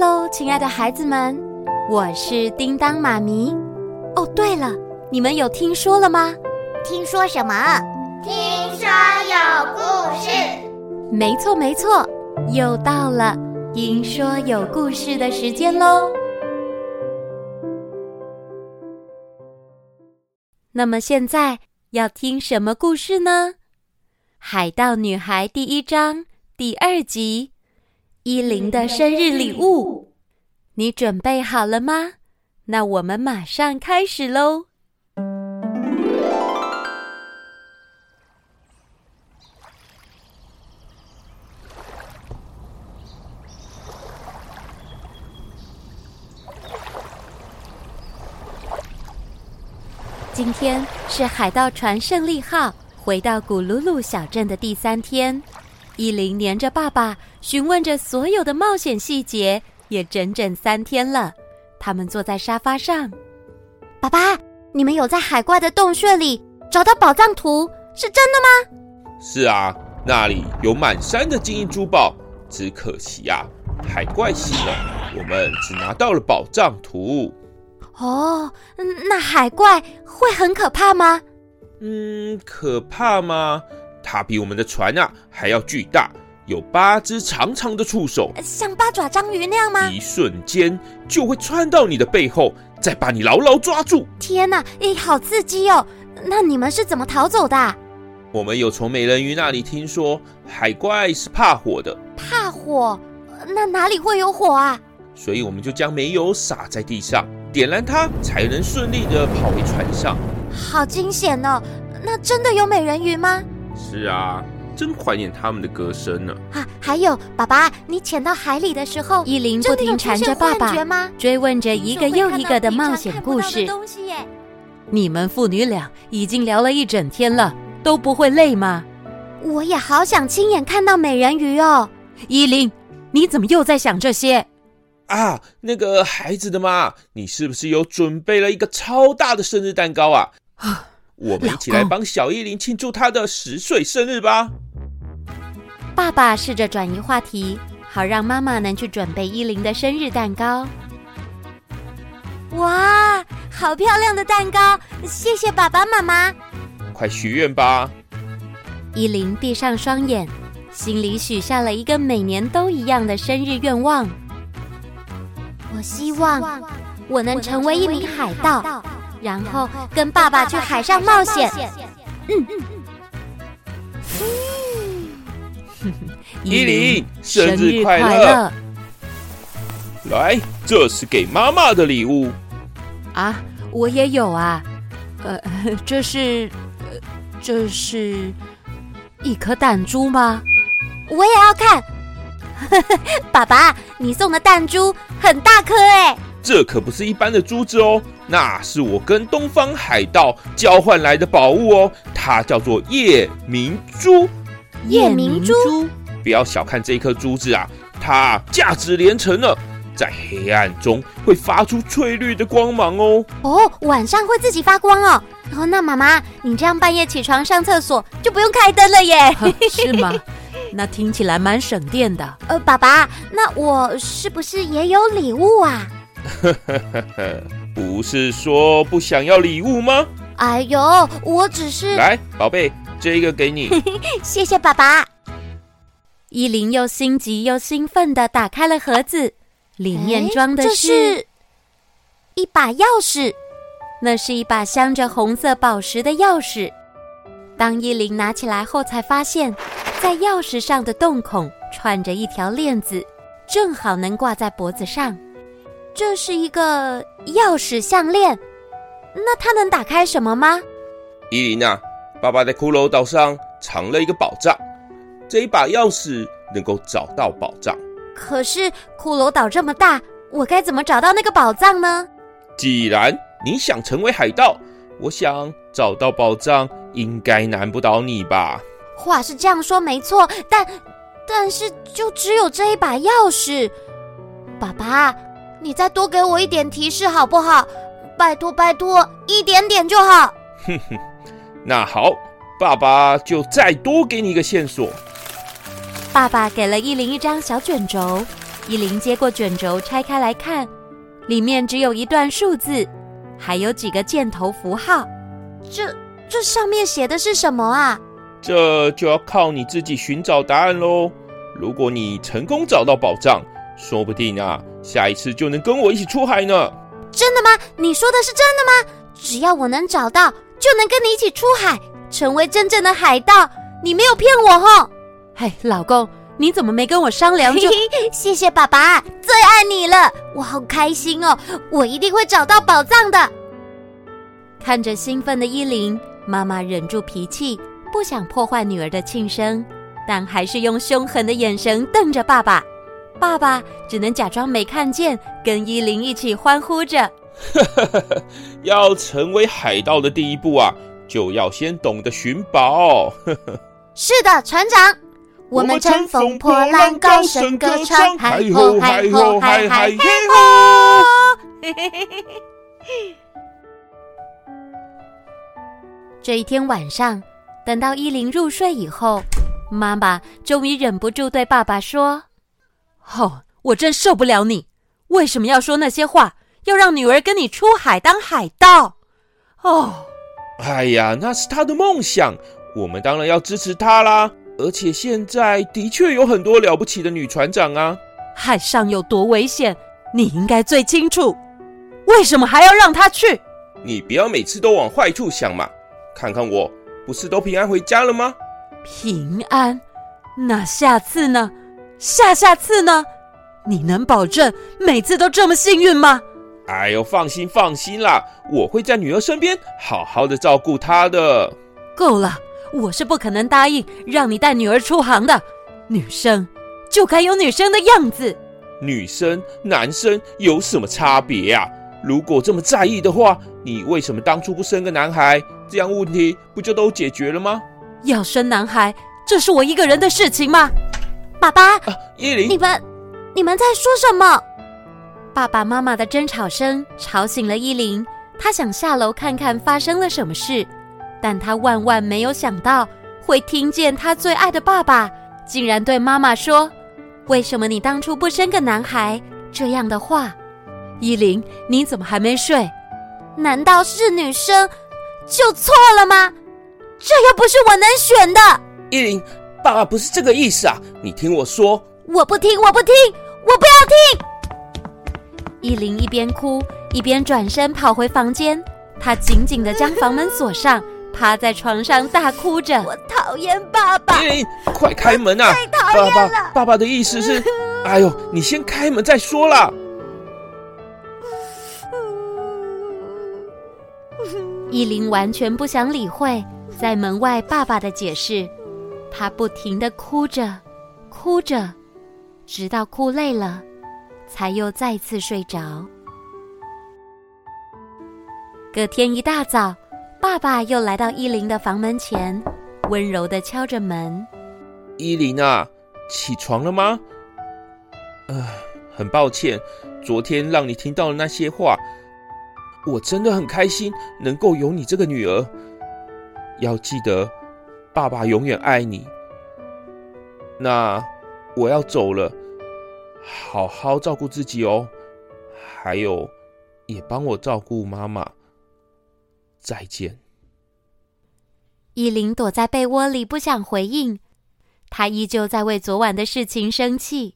哈嘍，親愛的孩子們，我是叮噹媽咪。哦、oh，對了，你們有聽說了嗎？聽說什麼？聽說有故事。沒錯沒錯，又到了聽說有故事的時間嘍。 那麼現在要聽什麼故事呢？《海盜女孩》第一章第二集。伊琳的生日禮物，你準備好了嗎？那我們馬上開始嘍。今天是海盜船勝利號回到古魯魯小鎮的第三天。伊琳黏着爸爸，詢問着所有的冒險細節，也整整三天了。他們坐在沙發上，爸爸，你們有在海怪的洞穴裡找到寶藏圖，是真的嗎？是啊，那裡有滿山的金銀珠寶，只可惜啊，海怪死了，我們只拿到了寶藏圖。哦，那海怪會很可怕嗎？嗯，可怕嗎？它比我們的船啊還要巨大，有八隻長長的觸手，像八爪章魚那樣嗎？一瞬間就會穿到你的背後，再把你牢牢抓住。天哪、啊，誒，好刺激哦！那你們是怎麼逃走的、啊？我們有從美人魚那裡聽說，海怪是怕火的。怕火？那哪裡會有火啊？所以我們就將煤油撒在地上，點燃它，才能順利的跑回船上。好驚險哦！那真的有美人魚嗎？是啊，真懷念他們的歌聲呢、啊。啊，還有爸爸，你潛到海裡的時候，伊琳不停纏着爸爸，追問着一個又一個的冒險故事。你們父女倆已經聊了一整天了，都不會累嗎？我也好想親眼看到美人魚哦。伊琳，你怎麼又在想這些？啊，那個孩子的媽，你是不是有準備了一個超大的生日蛋糕啊？啊。那個我們一起來幫小伊琳慶，慶祝她的十歲生日吧！爸爸試着轉移話題，好讓媽媽能去準備伊琳的生日蛋糕。哇，好漂亮的蛋糕！謝謝爸爸媽媽，快許願吧！伊琳閉上雙眼，心裡許下了一個每年都一樣的生日願望。我希望我能成為一名海盜。然後跟爸爸去海上冒險。嗯嗯嗯。 伊琳生、生日快樂！來，這是給媽媽的禮物。啊，我也有啊。呃，這是、呃、這是一顆彈珠嗎？我也要看。 爸爸，你送的彈珠很大顆哎。這可不是一般的珠子哦。那是我跟東方海盜交換來的寶物哦，它叫做夜明珠。明珠。夜明珠，不要小看這一顆珠子啊，它價值連城呢，在黑暗中會發出翠綠的光芒哦。哦，晚上會自己發光哦。哦，那媽媽，你這樣半夜起床上廁所就不用開燈了耶？是嗎？ 那聽起來蠻省電的。呃，爸爸，那我是不是也有禮物啊？呵呵呵呵。不是說不想要禮物嗎？哎呦，我只是。來，寶貝，這個給你， 謝謝爸爸。依琳又心急又興奮地打開了盒子，裡面裝的是、欸、是，一把鑰匙。那是一把鑲着紅色寶石的鑰匙。當依琳拿起來後，才發現，在鑰匙上的洞孔串着一條鏈子，正好能掛在脖子上。這是一個鑰匙項鏈那它能打開什麼嗎？伊琳娜啊，爸爸在骷髏島上藏了一個寶藏，這一把鑰匙能夠找到寶藏。可是骷髏島這麼大，我該怎麼找到那個寶藏呢？既然你想成為海盜，我想找到寶藏應該難不倒你吧？話是這樣說沒錯，但但是就只有這一把鑰匙，爸爸。你再多給我一點提示好不好？拜托拜托，一點點就好。哼哼，那好，爸爸就再多給你一個線索。爸爸給了伊琳一張小卷軸，伊琳接過卷軸拆開來看，裡面只有一段數字，還有幾個箭頭符號。這這上面寫的是什麼啊？這就要靠你自己尋找答案嘍。如果你成功找到寶藏，說不定啊。下一次就能跟我一起出海呢？真的嗎？你說的是真的嗎？只要我能找到，就能跟你一起出海，成為真正的海盜。你沒有騙我吼。嘿，老公，你怎麼沒跟我商量就…… 謝謝爸爸，最愛你了，我好開心哦！我一定會找到寶藏的。看着興奮的伊琳，媽媽忍住脾氣，不想破壞女兒的慶生，但還是用凶狠的眼神瞪着爸爸。爸爸只能假裝沒看見，跟伊琳一起歡呼着。呵呵呵，要成為海盜的第一步啊，就要先懂得尋寶。 是的，船長，我們乘風破浪，高聲歌唱，海吼海吼海海嘿。 這一天晚上，等到伊琳入睡以後，媽媽終於忍不住對爸爸說。哦，我真受不了你！為什麼要說那些話？要讓女兒跟你出海當海盜？哦，哎呀，那是她的夢想，我們當然要支持她啦。而且現在的確有很多了不起的女船長啊。海上有多危險，你應該最清楚。為什麼還要讓她去？你不要每次都往壞處想嘛。看看我，不是都平安回家了嗎？平安？那下次呢？下下次呢？你能保證每次都這麼幸運嗎？哎呦，放心放心啦，我會在女兒身邊好好的照顧她的。夠了，我是不可能答應讓你帶女兒出航的。女生就該有女生的樣子。女生男生有什麼差別啊？如果這麼在意的話，你為什麼當初不生個男孩？這樣問題不就都解決了嗎？要生男孩，這是我一個人的事情嗎？爸爸，啊、伊琳，你們，你們在說什麼？爸爸媽媽的爭吵聲吵醒了伊琳。她想下樓看看發生了什麼事，但她萬萬沒有想到會聽見她最愛的爸爸竟然對媽媽說：“為什麼你當初不生個男孩？”這樣的話。伊琳，你怎麼還沒睡？難道是女生就錯了嗎？這又不是我能選的，伊琳。爸爸不是這個意思啊！你聽我說，我不聽，我不聽，我不要聽。伊琳一邊哭一邊轉身跑回房間，她緊緊的將房門鎖上，趴 在床上大哭着。我討厭爸爸！欸欸、快開門啊太討厭了！爸爸，爸爸的意思是，哎呦，你先開門再說啦。伊 琳完全不想理會，在門外爸爸的解釋。他不停的哭着，哭着，直到哭累了，才又再次睡着。隔天一大早，爸爸又來到伊琳的房門前，溫柔的敲着門：“伊琳啊，起床了嗎？”“嗯、呃，很抱歉，昨天讓你聽到了那些話。我真的很開心能夠有你這個女兒。要記得。”爸爸永遠愛你。那我要走了，好好照顧自己哦。還有，也幫我照顧媽媽。再見。伊琳躲在被窩裡不想回應，她依舊在為昨晚的事情生氣。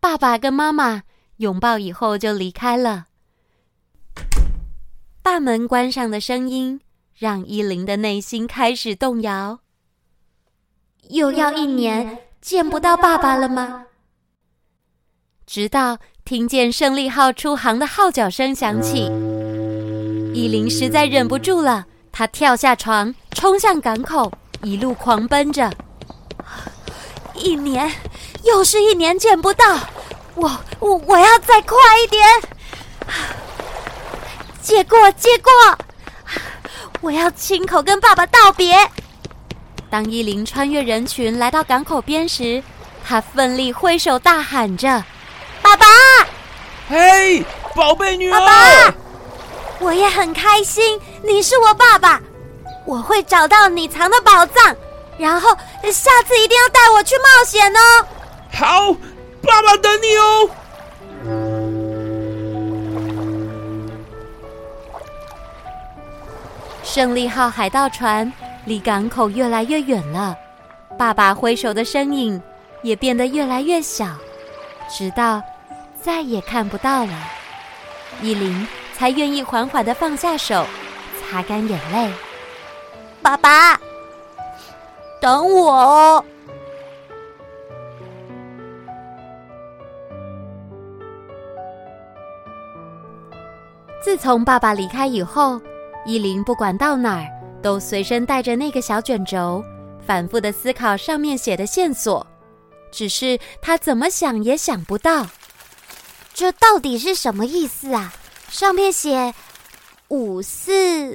爸爸跟媽媽擁抱以後就離開了，大門關上的聲音。讓伊琳的內心開始動搖。又要一年見不到爸爸了嗎？直到聽見勝利號出航的號角聲響起，伊、嗯、琳實在忍不住了，她跳下床，衝向港口，一路狂奔着。一年，又是一年見不到我，我我要再快一點。啊，借過，借過。我要親口跟爸爸道別。當伊琳穿越人群來到港口邊時，她奮力揮手大喊着：“爸爸！”“嘿，寶貝女兒！”“爸爸，我也很開心，你是我爸爸。我會找到你藏的寶藏，然後下次一定要帶我去冒險哦。”“好，爸爸等你哦。”勝利號海盜船離港口越來越遠了，爸爸揮手的身影也變得越來越小，直到再也看不到了。伊琳才願意緩緩的放下手，擦乾眼淚。爸爸，等我哦。自從爸爸離開以後。伊琳不管到哪兒，都隨身帶着那個小卷軸，反復的思考上面寫的線索。只是她怎麼想也想不到，這到底是什麼意思啊？上面寫五四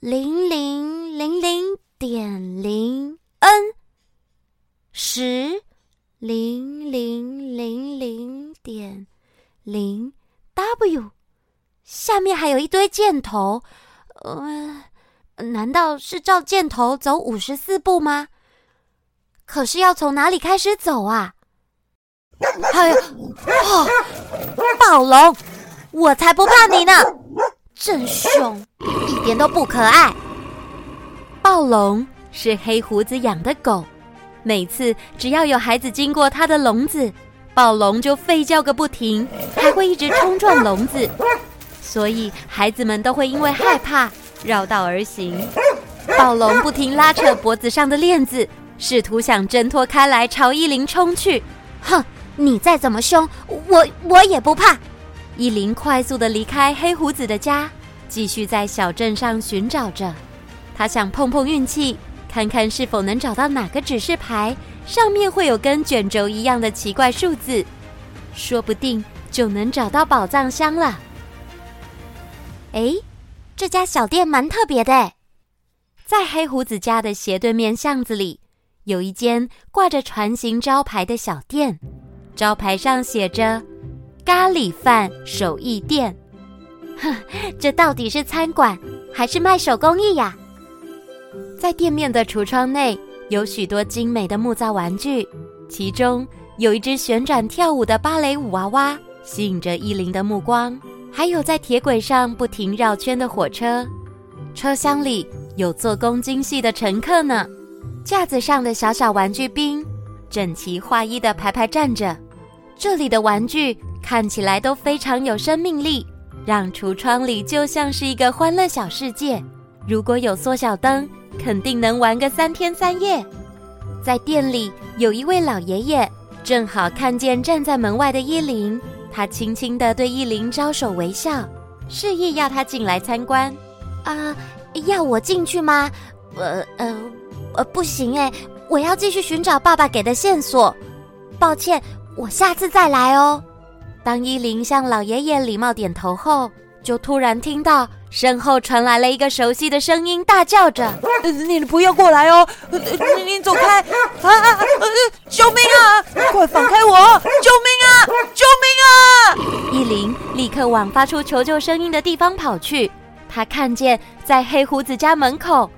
零零零零點零 N 十零零零零點零 W，下面還有一堆箭頭。嗯，難道是照箭頭走五十四步嗎？可是要從哪裡開始走啊？哎呀！哦，暴龍，我才不怕你呢！真兇，一點都不可愛。暴龍是黑鬍子養的狗，每次只要有孩子經過牠的籠子，暴龍就吠叫個不停，還會一直衝撞籠子。所以，孩子們都會因為害怕繞道而行。暴龍不停拉扯脖子上的鏈子，試圖想掙脫開來，朝伊琳衝去。哼，你再怎麼凶，我我也不怕。伊琳快速的離開黑鬍子的家，繼續在小鎮上尋找着。她想碰碰運氣，看看是否能找到哪個指示牌上面會有跟卷軸一樣的奇怪數字，說不定就能找到寶藏箱了。哎，這家小店蠻特別的誒，在黑胡子家的斜對面巷子裡，有一間掛着船型招牌的小店，招牌上寫着“咖喱飯手藝店”。哼，這到底是餐館還是賣手工藝呀、啊？在店面的櫥窗內，有許多精美的木造玩具，其中有一隻旋轉跳舞的芭蕾舞娃娃，吸引着伊琳的目光。還有在鐵軌上不停繞圈的火車，車廂裡有做工精細的乘客呢。架子上的小小玩具兵整齊劃一的排排站着，這裡的玩具看起來都非常有生命力，讓櫥窗裡就像是一個歡樂小世界。如果有縮小燈，肯定能玩個三天三夜。在店裡有一位老爺爺，正好看見站在門外的伊琳。他輕輕的對伊琳招手微笑，示意要她進來參觀。啊、呃，要我進去嗎？呃呃呃，不行誒，我要繼續尋找爸爸給的線索。抱歉，我下次再來哦。當伊琳向老爺爺禮貌點頭後，就突然聽到身後傳來了一個熟悉的聲音，大叫着、呃：“你不要過來哦！呃、你你走開！啊！啊、呃、啊救命啊，啊！快放開我！救命啊！救命啊！”伊琳立刻往發出求救聲音的地方跑去。她看見在黑胡子家門口，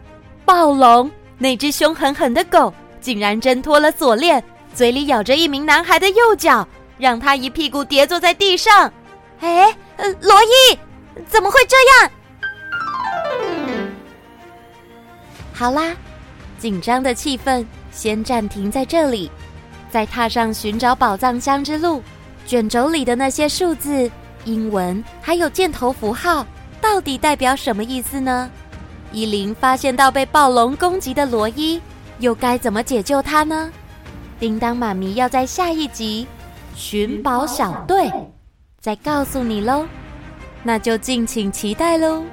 暴龍那只凶狠狠的狗竟然掙脫了鎖鏈，嘴裡咬着一名男孩的右腳，讓他一屁股跌坐在地上。哎、呃，羅伊！怎麼會這樣？嗯。好啦，緊張的氣氛先暫停在這裡，再踏上尋找寶藏箱之路。卷軸裡的那些數字、英文還有箭頭符號，到底代表什麼意思呢？伊琳發現到被暴龍攻擊的羅伊，又該怎麼解救他呢？叮噹媽咪要在下一集《尋寶小隊》小隊再告訴你嘍。那就敬請期待嘍。